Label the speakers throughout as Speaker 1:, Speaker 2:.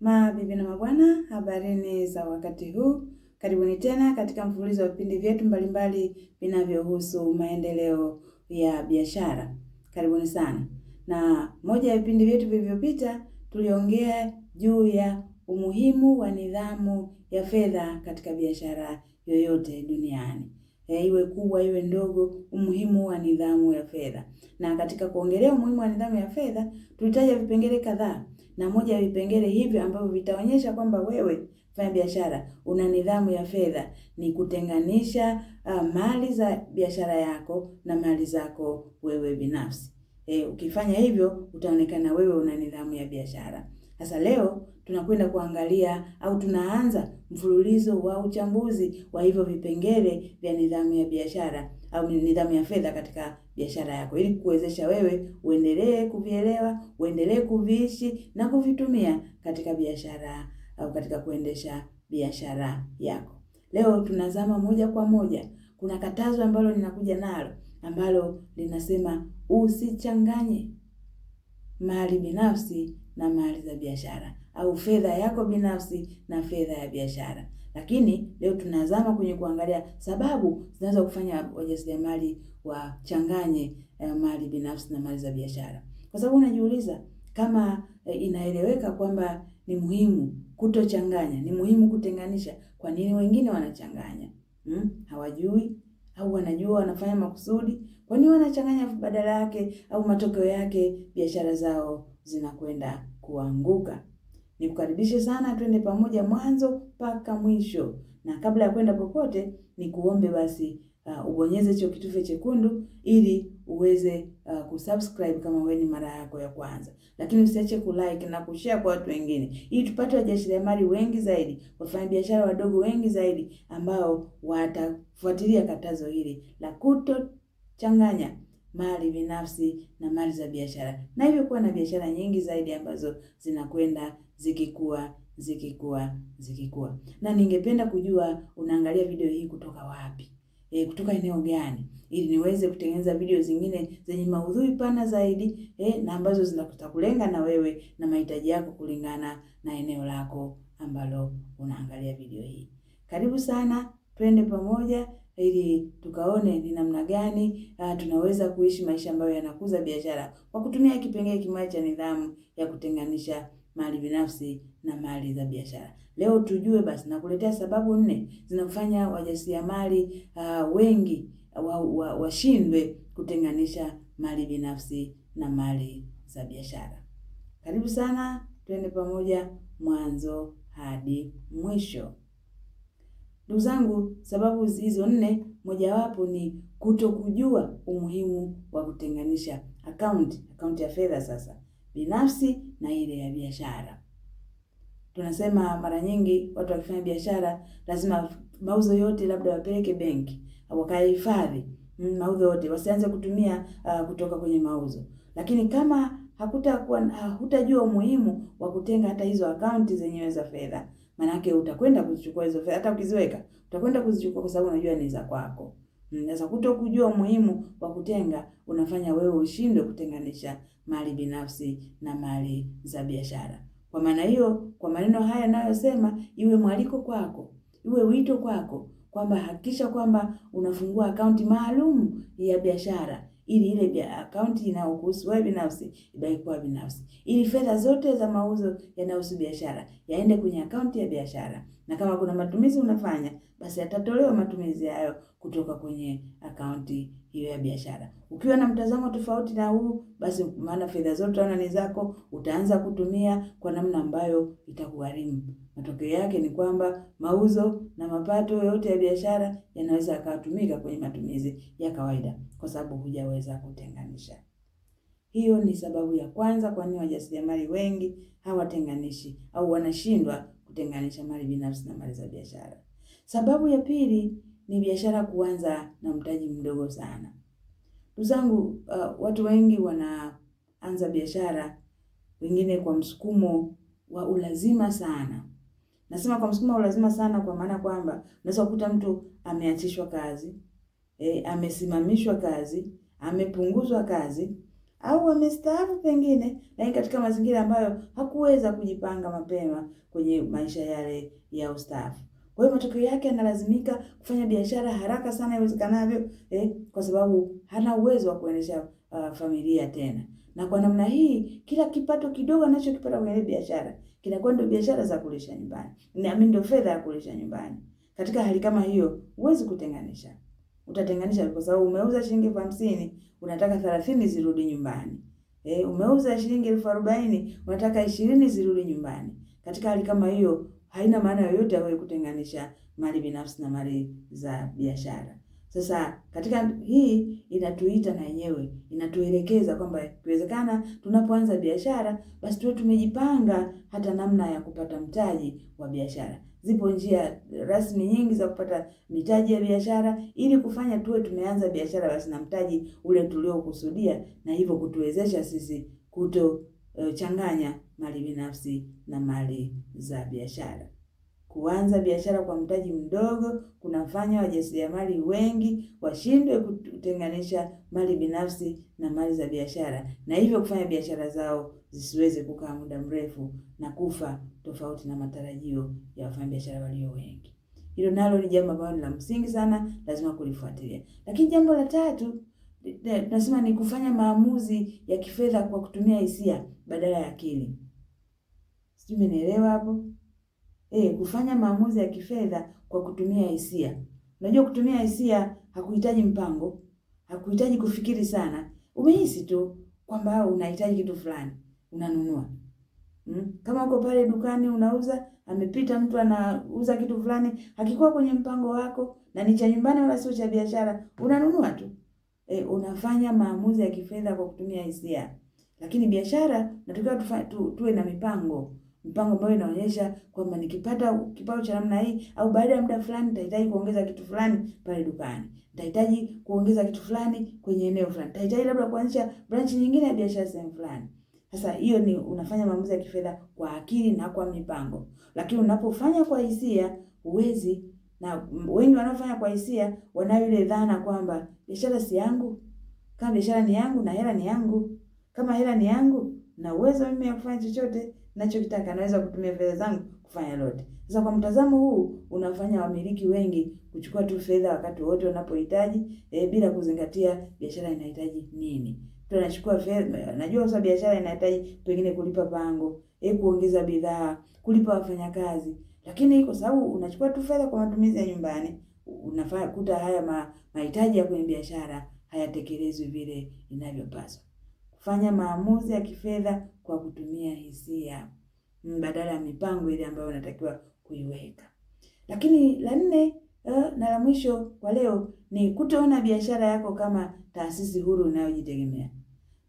Speaker 1: Mabibi na mabwana, habarini za wakati huu, karibuni tena katika mfululizo wa vipindi vyetu mbalimbali vinavyohusu maendeleo ya biashara. Karibuni sana. Na moja ya vipindi vyetu vilivyopita, tuliongea juu ya umuhimu wa nidhamu ya fedha katika biashara yoyote duniani ya iwe kubwa iwe ndogo, umuhimu wa nidhamu ya fedha. Na katika kuongelea umuhimu wa nidhamu ya fedha, tulitaja vipengele kadhaa, na moja ya vipengele hivyo ambavyo vitaonyesha kwamba wewe fanya biashara una nidhamu ya fedha ni kutenganisha uh, mali za biashara yako na mali zako wewe binafsi. E, ukifanya hivyo utaonekana wewe una nidhamu ya biashara. Sasa leo tunakwenda kuangalia au tunaanza mfululizo wa uchambuzi wa hivyo vipengele vya nidhamu ya biashara au nidhamu ya fedha katika biashara yako, ili kuwezesha wewe uendelee kuvielewa, uendelee kuviishi na kuvitumia katika biashara au katika kuendesha biashara yako. Leo tunazama moja kwa moja, kuna katazo ambalo ninakuja nalo ambalo linasema usichanganye mali binafsi na mali za biashara au fedha yako binafsi na fedha ya biashara. Lakini leo tunazama kwenye kuangalia sababu zinaweza kufanya wajasiriamali wachanganye eh, mali binafsi na mali za biashara, kwa sababu unajiuliza kama eh, inaeleweka kwamba ni muhimu kutochanganya, ni muhimu kutenganisha. Kwa nini wengine wanachanganya? Hmm? Hawajui au wanajua wanafanya makusudi? Kwa nini wanachanganya badala yake au matokeo yake biashara zao zinakwenda kuanguka. Nikukaribishe sana twende pamoja mwanzo mpaka mwisho, na kabla ya kwenda popote nikuombe basi uh, ubonyeze hicho kitufe chekundu ili uweze uh, kusubscribe kama wewe ni mara yako ya kwanza, lakini usiache kulike na kushare kwa watu wengine, ili tupate wajasiriamali wengi zaidi, wafanyabiashara wadogo wengi zaidi ambao watafuatilia katazo hili la kutochanganya mali binafsi na mali za biashara, na hivyo kuwa na biashara nyingi zaidi ambazo zinakwenda zikikua zikikua zikikua. Na ningependa kujua unaangalia video hii kutoka wapi? E, kutoka eneo gani, ili niweze kutengeneza video zingine zenye maudhui pana zaidi e, na ambazo zinakutakulenga na wewe na mahitaji yako kulingana na eneo lako ambalo unaangalia video hii. Karibu sana, twende pamoja ili tukaone ni namna gani uh, tunaweza kuishi maisha ambayo yanakuza biashara kwa kutumia kipengee kimoja cha nidhamu ya kutenganisha mali binafsi na mali za biashara. Leo tujue basi, nakuletea sababu nne zinafanya wajasiriamali uh, wengi washindwe wa, wa kutenganisha mali binafsi na mali za biashara. Karibu sana, twende pamoja mwanzo hadi mwisho. Ndugu zangu, sababu hizo nne, mojawapo ni kutokujua umuhimu wa kutenganisha akaunti, akaunti ya fedha sasa binafsi na ile ya biashara. Tunasema mara nyingi watu wakifanya biashara lazima mauzo yote labda wapeleke benki au wakahifadhi mm, mauzo yote, wasianze kutumia uh, kutoka kwenye mauzo. Lakini kama hakutakuwa hutajua umuhimu wa kutenga hata hizo akaunti zenyewe za fedha yake utakwenda kuzichukua hizo fedha, hata ukiziweka utakwenda kuzichukua kwa sababu unajua ni za kwako. Mm, sasa kuto kujua umuhimu wa kutenga unafanya wewe ushindwe kutenganisha mali binafsi na mali za biashara. Kwa maana hiyo, kwa maneno haya ninayosema, iwe mwaliko kwako, iwe wito kwako kwamba hakikisha kwamba unafungua akaunti maalum ya biashara ili ile akaunti inayokuhusu wewe binafsi ibaki kuwa binafsi, ili fedha zote za mauzo yanayohusu biashara yaende kwenye akaunti ya biashara, na kama kuna matumizi unafanya, basi yatatolewa matumizi hayo kutoka kwenye akaunti hiyo ya biashara. Ukiwa na mtazamo tofauti na huu, basi maana fedha zote ni zako, utaanza kutumia kwa namna ambayo itakugharimu. Matokeo yake ni kwamba mauzo na mapato yote ya biashara yanaweza yakatumika kwenye matumizi ya kawaida, kwa sababu hujaweza kutenganisha. Hiyo ni sababu ya kwanza kwa nini wajasiriamali wengi hawatenganishi au wanashindwa kutenganisha mali binafsi na mali za biashara. Sababu ya pili ni biashara kuanza na mtaji mdogo sana. Ndugu zangu, uh, watu wengi wanaanza biashara wengine kwa msukumo wa ulazima sana, Nasema kwa msukuma lazima sana, kwa maana kwamba unaweza kukuta mtu ameachishwa kazi e, amesimamishwa kazi, amepunguzwa kazi au amestaafu pengine, lakini katika mazingira ambayo hakuweza kujipanga mapema kwenye maisha yale ya ustaafu. Kwa hiyo matokeo yake analazimika kufanya biashara haraka sana iwezekanavyo, eh, kwa sababu hana uwezo wa kuendesha uh, familia tena. Na kwa namna hii kila kipato kidogo anachokipata kwenye ile biashara kinakuwa ndio biashara za kulisha nyumbani, na mimi ndio fedha ya kulisha nyumbani. Katika hali kama hiyo huwezi kutenganisha, utatenganisha kwa sababu umeuza shilingi elfu hamsini unataka thelathini zirudi nyumbani. Eh, umeuza shilingi elfu arobaini unataka ishirini zirudi nyumbani. Katika hali kama hiyo haina maana yoyote ya kutenganisha mali binafsi na mali za biashara. Sasa katika hii inatuita na yenyewe inatuelekeza kwamba ikiwezekana, tunapoanza biashara, basi tuwe tumejipanga hata namna ya kupata mtaji wa biashara. Zipo njia rasmi nyingi za kupata mitaji ya biashara, ili kufanya tuwe tumeanza biashara basi na mtaji ule tuliokusudia, na hivyo kutuwezesha sisi kuto Eh, changanya mali binafsi na mali za biashara. Kuanza biashara kwa mtaji mdogo kunafanya wajasiriamali wengi washindwe kutenganisha mali binafsi na mali za biashara, na hivyo kufanya biashara zao zisiweze kukaa muda mrefu na kufa, tofauti na matarajio ya wafanyabiashara walio wengi. Hilo nalo ni jambo ambalo ni la msingi sana, lazima kulifuatilia. Lakini jambo la tatu Eh, nasema ni kufanya maamuzi ya kifedha kwa kutumia hisia badala ya akili. Sijui umenielewa hapo? Eh, kufanya maamuzi ya kifedha kwa kutumia hisia. Unajua kutumia hisia hakuhitaji mpango, hakuhitaji kufikiri sana. Umehisi tu kwamba unahitaji kitu fulani, unanunua. Hmm? Kama uko pale dukani unauza, amepita mtu anauza kitu fulani, hakikuwa kwenye mpango wako na ni cha nyumbani wala sio cha biashara, unanunua tu e, unafanya maamuzi ya kifedha kwa kutumia hisia. Lakini biashara natakiwa tu, tuwe na mipango mpango ambayo inaonyesha kwamba nikipata kipato cha namna hii au baada ya muda fulani nitahitaji kuongeza kitu fulani pale dukani, nitahitaji kuongeza kitu fulani kwenye eneo fulani, nitahitaji labda kuanzisha branch nyingine ya biashara sehemu fulani. Sasa hiyo ni unafanya maamuzi ya kifedha kwa akili na kwa mipango, lakini unapofanya kwa hisia huwezi na wengi wanaofanya kwa hisia wanayo ile dhana kwamba biashara si yangu, kama biashara ni yangu na hela ni yangu, kama hela ni yangu na uwezo mimi ya kufanya chochote ninachokitaka, naweza kutumia fedha zangu kufanya lolote. Sasa kwa mtazamo huu unafanya wamiliki wengi kuchukua tu fedha wakati wote wanapohitaji, e, bila kuzingatia biashara inahitaji nini. Mtu anachukua fedha, najua sasa biashara inahitaji pengine kulipa pango, e, kuongeza bidhaa, kulipa wafanyakazi lakini kwa sababu unachukua tu fedha kwa matumizi ya nyumbani, unafanya kuta haya ma, mahitaji ya kwenye biashara hayatekelezwi vile inavyopaswa. Kufanya maamuzi ya kifedha kwa kutumia hisia mm, badala ya mipango ile ambayo unatakiwa kuiweka. Lakini la nne eh, na la mwisho kwa leo ni kutoona biashara yako kama taasisi huru inayojitegemea.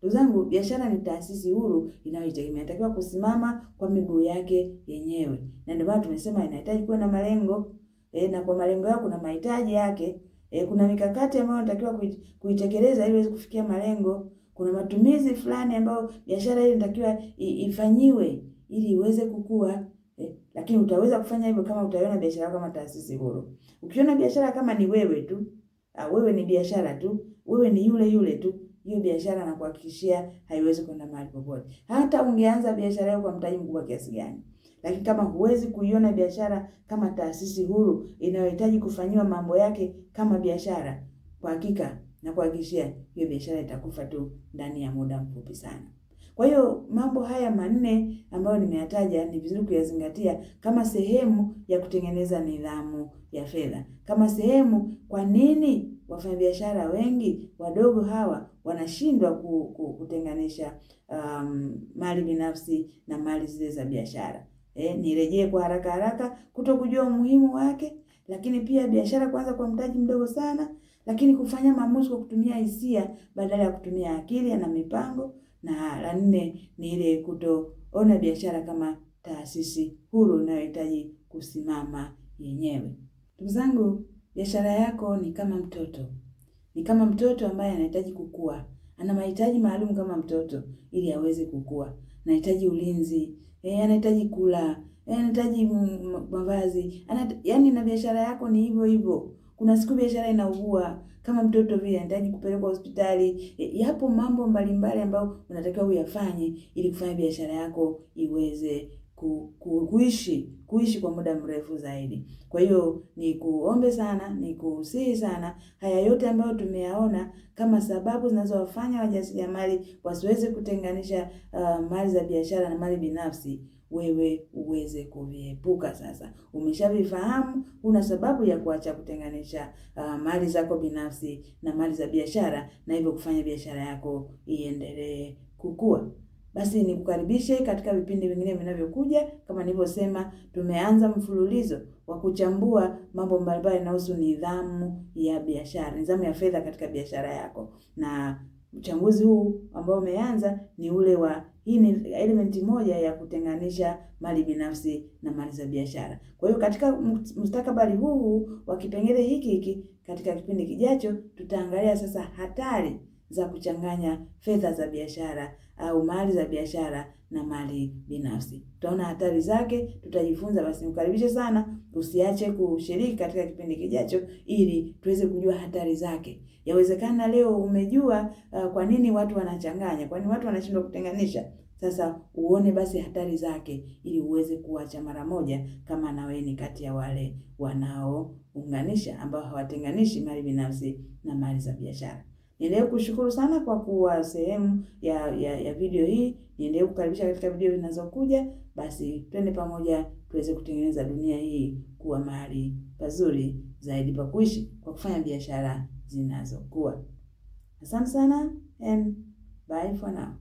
Speaker 1: Ndugu zangu, biashara ni taasisi huru inayojitegemea, inatakiwa kusimama kwa miguu yake yenyewe, na ndio maana tumesema inahitaji kuwa na malengo e, na kwa malengo yao kuna mahitaji yake e, kuna mikakati ambayo inatakiwa kuitekeleza ili iweze kufikia malengo. Kuna matumizi fulani ambayo biashara hii inatakiwa ifanyiwe ili iweze kukua. e, lakini utaweza kufanya hivyo kama utaiona biashara kama taasisi huru. Ukiona biashara kama ni wewe tu, ah, wewe ni biashara tu, wewe ni yule yule tu, hiyo biashara na kuhakikishia haiwezi kwenda mahali popote, hata ungeanza biashara yako kwa mtaji mkubwa kiasi gani. Lakini kama huwezi kuiona biashara kama taasisi huru inayohitaji kufanyiwa mambo yake kama biashara, kwa hakika na kuhakikishia hiyo biashara itakufa tu ndani ya muda mfupi sana. Kwa hiyo mambo haya manne ambayo nimeyataja ni vizuri kuyazingatia kama sehemu ya kutengeneza nidhamu ya fedha, kama sehemu kwa nini wafanyabiashara wengi wadogo hawa wanashindwa ku, ku, kutenganisha um, mali binafsi na mali zile za biashara. Eh, nirejee kwa haraka haraka, kutokujua umuhimu wake, lakini pia biashara kwanza kwa mtaji mdogo sana, lakini kufanya maamuzi kwa kutumia hisia badala ya kutumia akili na mipango, na la nne ni ile kutoona biashara kama taasisi huru inayohitaji kusimama yenyewe. Ndugu zangu, biashara yako ni kama mtoto. Ni kama mtoto ambaye anahitaji kukua, ana mahitaji maalum kama mtoto ili aweze kukua. Anahitaji ulinzi, e, anahitaji kula, e, anahitaji mavazi. yani na biashara yako ni hivyo hivyo. Kuna siku biashara inaugua kama mtoto vile, anahitaji kupelekwa hospitali. E, yapo mambo mbalimbali ambayo unatakiwa uyafanye ili kufanya biashara yako iweze ku, ku, kuishi kuishi kwa muda mrefu zaidi. Kwa hiyo ni kuombe sana, ni kusihi sana, haya yote ambayo tumeyaona kama sababu zinazowafanya wajasiriamali wasiweze kutenganisha uh, mali za biashara na mali binafsi wewe uweze kuviepuka. Sasa umeshavifahamu, una sababu ya kuacha kutenganisha uh, mali zako binafsi na mali za biashara, na hivyo kufanya biashara yako iendelee kukua. Basi nikukaribishe katika vipindi vingine vinavyokuja. Kama nilivyosema, tumeanza mfululizo wa kuchambua mambo mbalimbali yanayohusu nidhamu ya biashara, nidhamu ya fedha katika biashara yako, na uchambuzi huu ambao umeanza ni ule wa hii ni elementi moja ya kutenganisha mali binafsi na mali za biashara. Kwa hiyo katika mustakabali huu wa kipengele hiki hiki, katika kipindi kijacho, tutaangalia sasa hatari za kuchanganya fedha za biashara au mali za biashara na mali binafsi. Tutaona hatari zake, tutajifunza. Basi nikukaribishe sana, usiache kushiriki katika kipindi kijacho, ili tuweze kujua hatari zake. Yawezekana leo umejua uh, kwa nini watu wanachanganya, kwa nini watu wanashindwa kutenganisha. Sasa uone basi hatari zake, ili uweze kuacha mara moja, kama na wewe ni kati ya wale wanaounganisha, ambao hawatenganishi mali binafsi na mali za biashara. Niendelee kushukuru sana kwa kuwa sehemu ya, ya, ya video hii. Niendelee kukaribisha katika video zinazokuja. Basi twende pamoja tuweze kutengeneza dunia hii kuwa mahali pazuri zaidi pa kuishi kwa kufanya biashara zinazokuwa. Asante sana and bye for now.